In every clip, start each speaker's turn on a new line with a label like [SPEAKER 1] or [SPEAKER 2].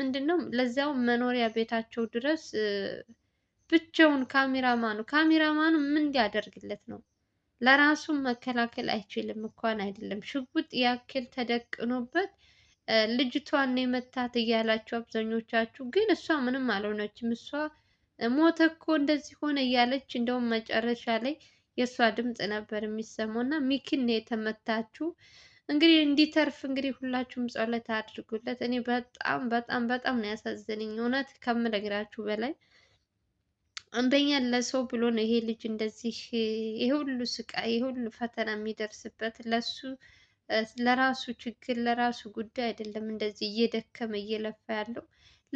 [SPEAKER 1] ምንድን ነው ለዚያው መኖሪያ ቤታቸው ድረስ ብቻውን ካሜራማኑ ካሜራማኑ ምን እንዲያደርግለት ነው? ለራሱ መከላከል አይችልም። እንኳን አይደለም ሽጉጥ ያክል ተደቅኖበት ልጅቷን የመታት እያላችሁ አብዛኞቻችሁ፣ ግን እሷ ምንም አልሆነችም። እሷ ሞተ እኮ እንደዚህ ሆነ እያለች እንደውም መጨረሻ ላይ የእሷ ድምፅ ነበር የሚሰማው እና ሚኪን የተመታችው እንግዲህ እንዲተርፍ እንግዲህ ሁላችሁም ጸሎት አድርጉለት። እኔ በጣም በጣም በጣም ነው ያሳዘነኝ እውነት ከምነግራችሁ በላይ አንደኛ ለሰው ብሎ ነው ይሄ ልጅ እንደዚህ ይሄ ሁሉ ስቃይ ይሄ ሁሉ ፈተና የሚደርስበት ለሱ ለራሱ ችግር ለራሱ ጉዳይ አይደለም። እንደዚህ እየደከመ እየለፋ ያለው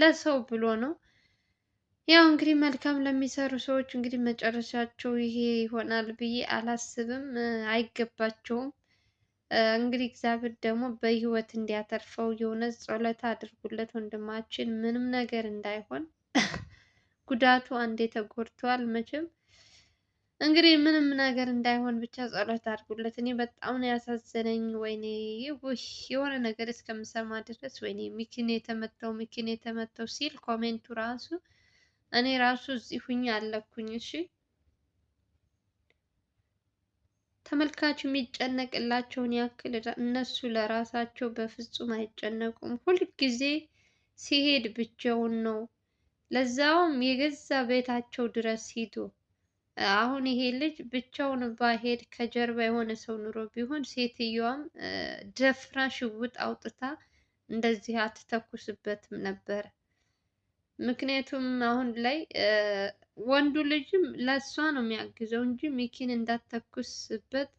[SPEAKER 1] ለሰው ብሎ ነው። ያው እንግዲህ መልካም ለሚሰሩ ሰዎች እንግዲህ መጨረሻቸው ይሄ ይሆናል ብዬ አላስብም፣ አይገባቸውም። እንግዲህ እግዚአብሔር ደግሞ በህይወት እንዲያተርፈው የሆነ ጸሎት አድርጉለት ወንድማችን፣ ምንም ነገር እንዳይሆን ጉዳቱ አንዴ ተጎድቷል። መቼም እንግዲህ ምንም ነገር እንዳይሆን ብቻ ጸሎት አድርጉለት። እኔ በጣም ነው ያሳዘነኝ። ወይኔ ውህ የሆነ ነገር እስከምሰማ ድረስ ወይኔ ሚኪን የተመተው ሚኪን የተመተው ሲል ኮሜንቱ ራሱ እኔ ራሱ እዚህ አለኩኝ። እሺ ተመልካች የሚጨነቅላቸውን ያክል እነሱ ለራሳቸው በፍጹም አይጨነቁም። ሁልጊዜ ሲሄድ ብቻውን ነው፣ ለዛውም የገዛ ቤታቸው ድረስ ሂዶ። አሁን ይሄ ልጅ ብቻውን ባሄድ ከጀርባ የሆነ ሰው ኑሮ ቢሆን ሴትየዋም ደፍራ ሽውጥ አውጥታ እንደዚህ አትተኩስበትም ነበር። ምክንያቱም አሁን ላይ ወንዱ ልጅም ለእሷ ነው የሚያግዘው እንጂ ሚኪን እንዳተኩስበት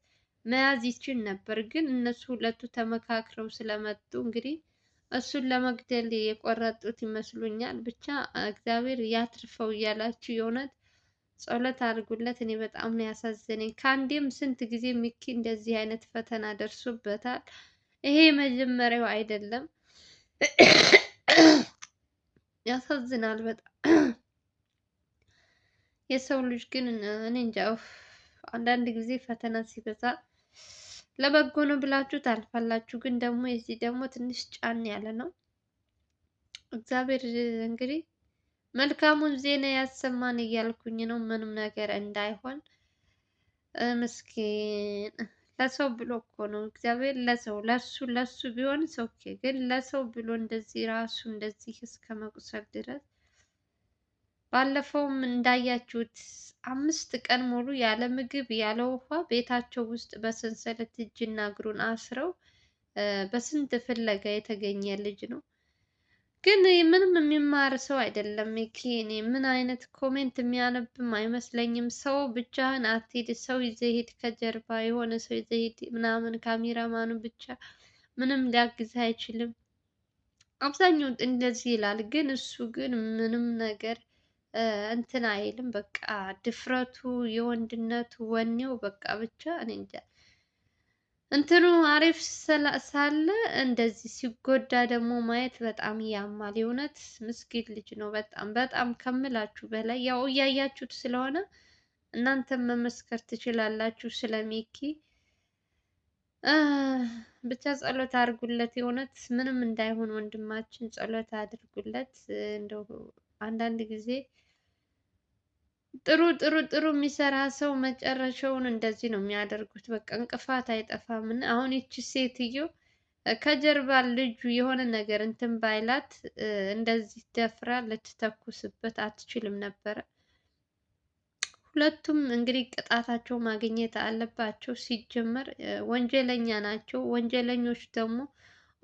[SPEAKER 1] መያዝ ይችል ነበር። ግን እነሱ ሁለቱ ተመካክረው ስለመጡ እንግዲህ እሱን ለመግደል የቆረጡት ይመስሉኛል። ብቻ እግዚአብሔር ያትርፈው እያላችሁ የእውነት ጸሎት አድርጉለት። እኔ በጣም ነው ያሳዘነኝ። ከአንዴም ስንት ጊዜ ሚኪ እንደዚህ አይነት ፈተና ደርሶበታል። ይሄ መጀመሪያው አይደለም። ያሳዝናል በጣም የሰው ልጅ ግን እኔ እንጃ አንዳንድ ጊዜ ፈተና ሲበዛ ለበጎ ነው ብላችሁ ታልፋላችሁ። ግን ደግሞ የዚህ ደግሞ ትንሽ ጫን ያለ ነው። እግዚአብሔር እንግዲህ መልካሙን ዜና ያሰማን እያልኩኝ ነው። ምንም ነገር እንዳይሆን ምስኪን ለሰው ብሎ እኮ ነው እግዚአብሔር ለሰው ለሱ ለሱ ቢሆን ሰው ግን ለሰው ብሎ እንደዚህ ራሱ እንደዚህ እስከ መቁሰል ድረስ ባለፈውም እንዳያችሁት አምስት ቀን ሙሉ ያለ ምግብ ያለ ውሃ ቤታቸው ውስጥ በሰንሰለት እጅና እግሩን አስረው በስንት ፍለጋ የተገኘ ልጅ ነው። ግን ምንም የሚማር ሰው አይደለም። ኬኔ ምን አይነት ኮሜንት የሚያነብም አይመስለኝም። ሰው ብቻህን አትሄድ፣ ሰው ይዘህ ሂድ፣ ከጀርባ የሆነ ሰው ይዘህ ሂድ ምናምን፣ ካሜራማኑ ብቻ ምንም ሊያግዝህ አይችልም። አብዛኛው እንደዚህ ይላል። ግን እሱ ግን ምንም ነገር እንትን አይልም። በቃ ድፍረቱ፣ የወንድነቱ፣ ወኔው በቃ ብቻ እኔ እንጃ። እንትኑ አሪፍ ሳለ እንደዚህ ሲጎዳ ደግሞ ማየት በጣም ያማል። የእውነት ምስኪን ልጅ ነው። በጣም በጣም ከምላችሁ በላይ ያው እያያችሁት ስለሆነ እናንተም መመስከር ትችላላችሁ ስለ ሚኪ። ብቻ ጸሎት አድርጉለት። የእውነት ምንም እንዳይሆን ወንድማችን ጸሎት አድርጉለት። እንደው አንዳንድ ጊዜ ጥሩ ጥሩ ጥሩ የሚሰራ ሰው መጨረሻውን እንደዚህ ነው የሚያደርጉት። በቃ እንቅፋት አይጠፋም። እና አሁን ይቺ ሴትዮ ከጀርባ ልጁ የሆነ ነገር እንትን ባይላት እንደዚህ ደፍራ ልትተኩስበት አትችልም ነበረ። ሁለቱም እንግዲህ ቅጣታቸው ማግኘት አለባቸው። ሲጀመር ወንጀለኛ ናቸው። ወንጀለኞች ደግሞ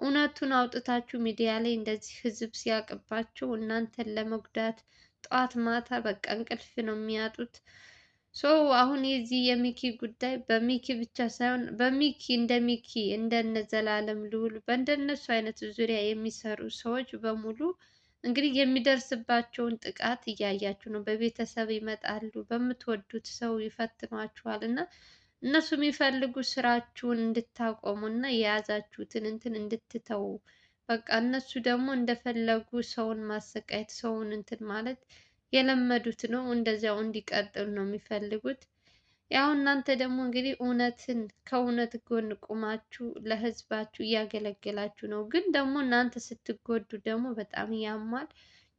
[SPEAKER 1] እውነቱን አውጥታችሁ ሚዲያ ላይ እንደዚህ ህዝብ ሲያቅባቸው እናንተን ለመጉዳት ጠዋት ማታ በቃ እንቅልፍ ነው የሚያጡት። ሶ አሁን የዚህ የሚኪ ጉዳይ በሚኪ ብቻ ሳይሆን በሚኪ እንደ ሚኪ እንደነ ዘላለም ልዑል በእንደነሱ አይነት ዙሪያ የሚሰሩ ሰዎች በሙሉ እንግዲህ የሚደርስባቸውን ጥቃት እያያችሁ ነው። በቤተሰብ ይመጣሉ፣ በምትወዱት ሰው ይፈትኗችኋል እና እነሱ የሚፈልጉ ስራችሁን እንድታቆሙ እና የያዛችሁትን እንትን እንድትተዉ በቃ እነሱ ደግሞ እንደፈለጉ ሰውን ማሰቃየት፣ ሰውን እንትን ማለት የለመዱት ነው። እንደዚያው እንዲቀጥል ነው የሚፈልጉት። ያው እናንተ ደግሞ እንግዲህ እውነትን ከእውነት ጎን ቁማችሁ ለህዝባችሁ እያገለገላችሁ ነው። ግን ደግሞ እናንተ ስትጎዱ ደግሞ በጣም ያማል።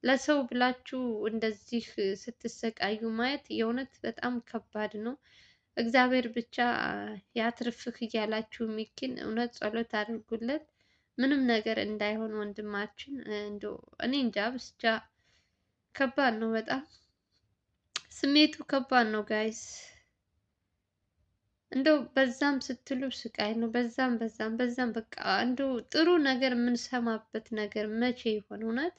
[SPEAKER 1] ለሰው ብላችሁ እንደዚህ ስትሰቃዩ ማየት የእውነት በጣም ከባድ ነው። እግዚአብሔር ብቻ ያትርፍህ እያላችሁ ሚኪን እውነት ጸሎት አድርጉለት። ምንም ነገር እንዳይሆን ወንድማችን እንደው እኔ እንጃ ብስጃ ከባድ ነው በጣም ስሜቱ ከባድ ነው ጋይስ። እንደው በዛም ስትሉ ስቃይ ነው። በዛም በዛም በዛም በቃ እንደው ጥሩ ነገር የምንሰማበት ነገር መቼ ይሆን እውነት?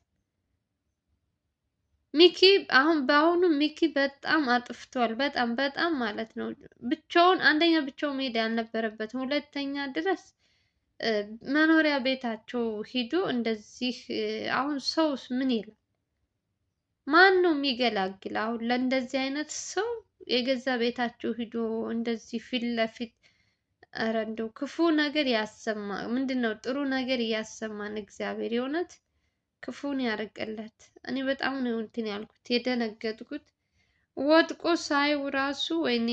[SPEAKER 1] ሚኪ አሁን በአሁኑ ሚኪ በጣም አጥፍቷል። በጣም በጣም ማለት ነው ብቻውን አንደኛ ብቻውን መሄድ ያልነበረበትም ሁለተኛ ድረስ መኖሪያ ቤታቸው ሂዶ እንደዚህ አሁን ሰውስ ምን ይላል? ማን ነው የሚገላግል? አሁን ለእንደዚህ አይነት ሰው የገዛ ቤታቸው ሂዶ እንደዚህ ፊት ለፊት ኧረ እንደው ክፉ ነገር ያሰማ ምንድን ነው ጥሩ ነገር እያሰማን እግዚአብሔር የእውነት ክፉን ያርቅለት። እኔ በጣም ነው እንትን ያልኩት የደነገጥኩት ወድቆ ሳይው ራሱ ወይኔ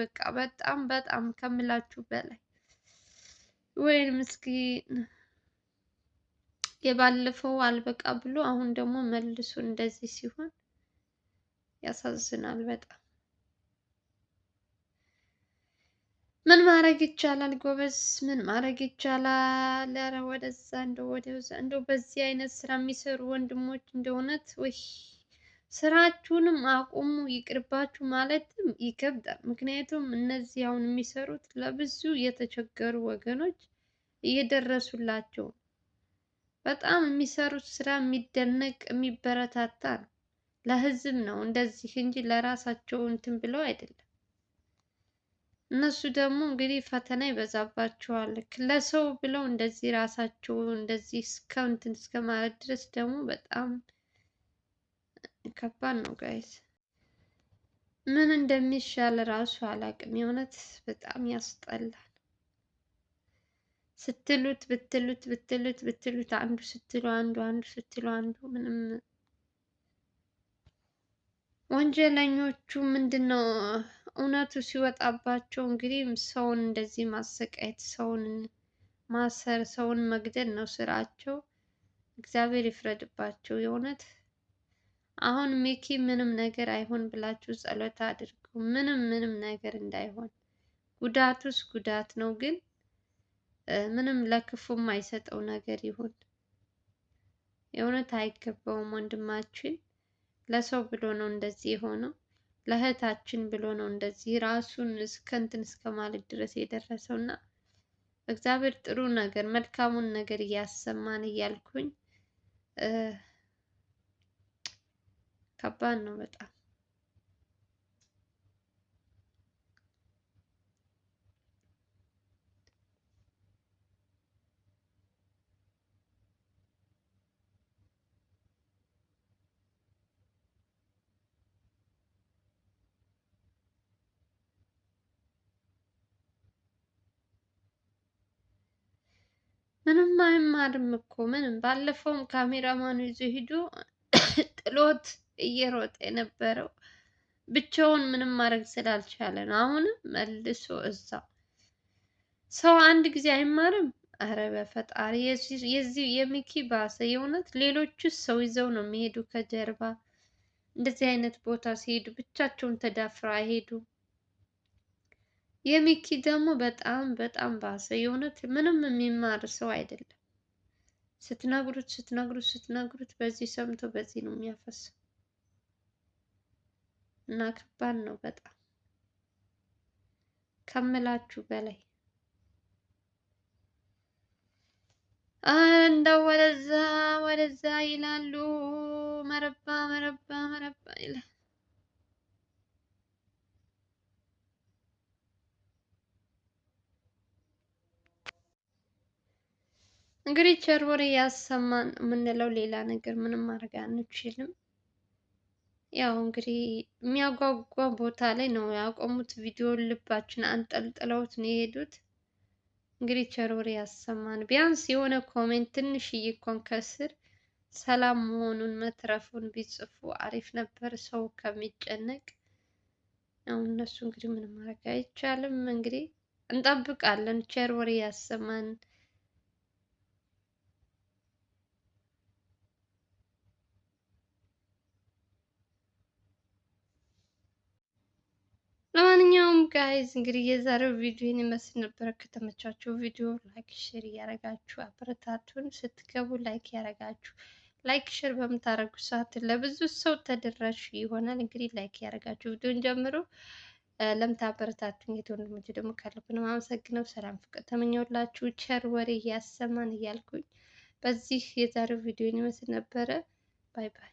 [SPEAKER 1] በቃ በጣም በጣም ከምላችሁ በላይ ወይን ምስኪን የባለፈው አልበቃ ብሎ አሁን ደግሞ መልሶ እንደዚህ ሲሆን ያሳዝናል በጣም። ምን ማድረግ ይቻላል ጎበዝ? ምን ማድረግ ይቻላል? ኧረ ወደዛ እንደው ወደዛ እንደው በዚህ አይነት ስራ የሚሰሩ ወንድሞች እንደውነት። ውይ ስራችሁንም አቁሙ ይቅርባችሁ ማለትም ይከብዳል። ምክንያቱም እነዚህ አሁን የሚሰሩት ለብዙ የተቸገሩ ወገኖች እየደረሱላቸው በጣም የሚሰሩት ስራ የሚደነቅ የሚበረታታ ነው። ለህዝብ ነው እንደዚህ እንጂ ለራሳቸው እንትን ብለው አይደለም። እነሱ ደግሞ እንግዲህ ፈተና ይበዛባቸዋል። ለሰው ብለው እንደዚህ ራሳቸው እንደዚህ እስከ እንትን እስከ ማለት ድረስ ደግሞ በጣም ከባድ ነው ጋይስ። ምን እንደሚሻል ራሱ አላውቅም። የእውነት በጣም ያስጠላል። ስትሉት ብትሉት ብትሉት ብትሉት አንዱ ስትሉ አንዱ አንዱ ስትሉ አንዱ ምንም ወንጀለኞቹ ምንድን ነው እውነቱ ሲወጣባቸው እንግዲህ ሰውን እንደዚህ ማሰቃየት፣ ሰውን ማሰር፣ ሰውን መግደል ነው ስራቸው። እግዚአብሔር ይፍረድባቸው የእውነት አሁን ሚኪ ምንም ነገር አይሆን ብላችሁ ጸሎት አድርጉ። ምንም ምንም ነገር እንዳይሆን ጉዳቱስ ጉዳት ነው፣ ግን ምንም ለክፉም አይሰጠው ነገር ይሁን። የእውነት አይገባውም። ወንድማችን ለሰው ብሎ ነው እንደዚህ የሆነው፣ ለእህታችን ብሎ ነው እንደዚህ ራሱን እስከ እንትን እስከ ማለት ድረስ የደረሰው እና እግዚአብሔር ጥሩ ነገር መልካሙን ነገር እያሰማን እያልኩኝ ከባድ ነው በጣም። ምንም አይማርም እኮ ምንም። ባለፈውም ካሜራማኑ ይዞ ሂዶ ጥሎት እየሮጠ የነበረው ብቻውን ምንም ማድረግ ስላልቻለ ነው። አሁንም መልሶ እዛ ሰው አንድ ጊዜ አይማርም። አረ በፈጣሪ የዚህ የሚኪ ባሰ። የእውነት ሌሎቹ ሰው ይዘው ነው የሚሄዱ ከጀርባ። እንደዚህ አይነት ቦታ ሲሄዱ ብቻቸውን ተዳፍረው አይሄዱም። የሚኪ ደግሞ በጣም በጣም ባሰ። የእውነት ምንም የሚማር ሰው አይደለም። ስትነግሩት ስትነግሩት ስትነግሩት በዚህ ሰምቶ በዚህ ነው የሚያፈሰው። እና ከባድ ነው በጣም ከምላችሁ በላይ እንደው ወደዛ ወደዛ ይላሉ። መረባ መረባ መረባ ይላል። እንግዲህ ቸር ወሬ ያሰማን የምንለው ሌላ ነገር ምንም ማድረግ አንችልም። ያው እንግዲህ የሚያጓጓ ቦታ ላይ ነው ያቆሙት። ቪዲዮ ልባችን አንጠልጥለውት ነው የሄዱት። እንግዲህ ቸሮሪ ያሰማን። ቢያንስ የሆነ ኮሜንት ትንሽዬ እንኳን ከስር ሰላም መሆኑን መትረፉን ቢጽፉ አሪፍ ነበር፣ ሰው ከሚጨነቅ። ያው እነሱ እንግዲህ ምንም ማድረግ አይቻልም። እንግዲህ እንጠብቃለን። ቸር ወሬ ያሰማን። ለማንኛውም ጋይዝ እንግዲህ የዛሬው ቪዲዮ ይህን ይመስል ነበረ። ከተመቻችሁ ቪዲዮ ላይክ፣ ሼር እያደረጋችሁ አበረታቱን። ስትገቡ ላይክ ያደረጋችሁ ላይክ ሼር በምታደርጉ ሰዓት ለብዙ ሰው ተደራሽ ይሆናል። እንግዲህ ላይክ ያደረጋችሁ ቪዲዮን ጀምሮ ለምታበረታቱን የት ወንድሞች ደግሞ ካለብ ነው አመሰግነው። ሰላም ፍቅር ተመኘውላችሁ። ቸር ወሬ እያሰማን እያልኩኝ በዚህ የዛሬው ቪዲዮ ይመስል ነበረ። ባይ ባይ።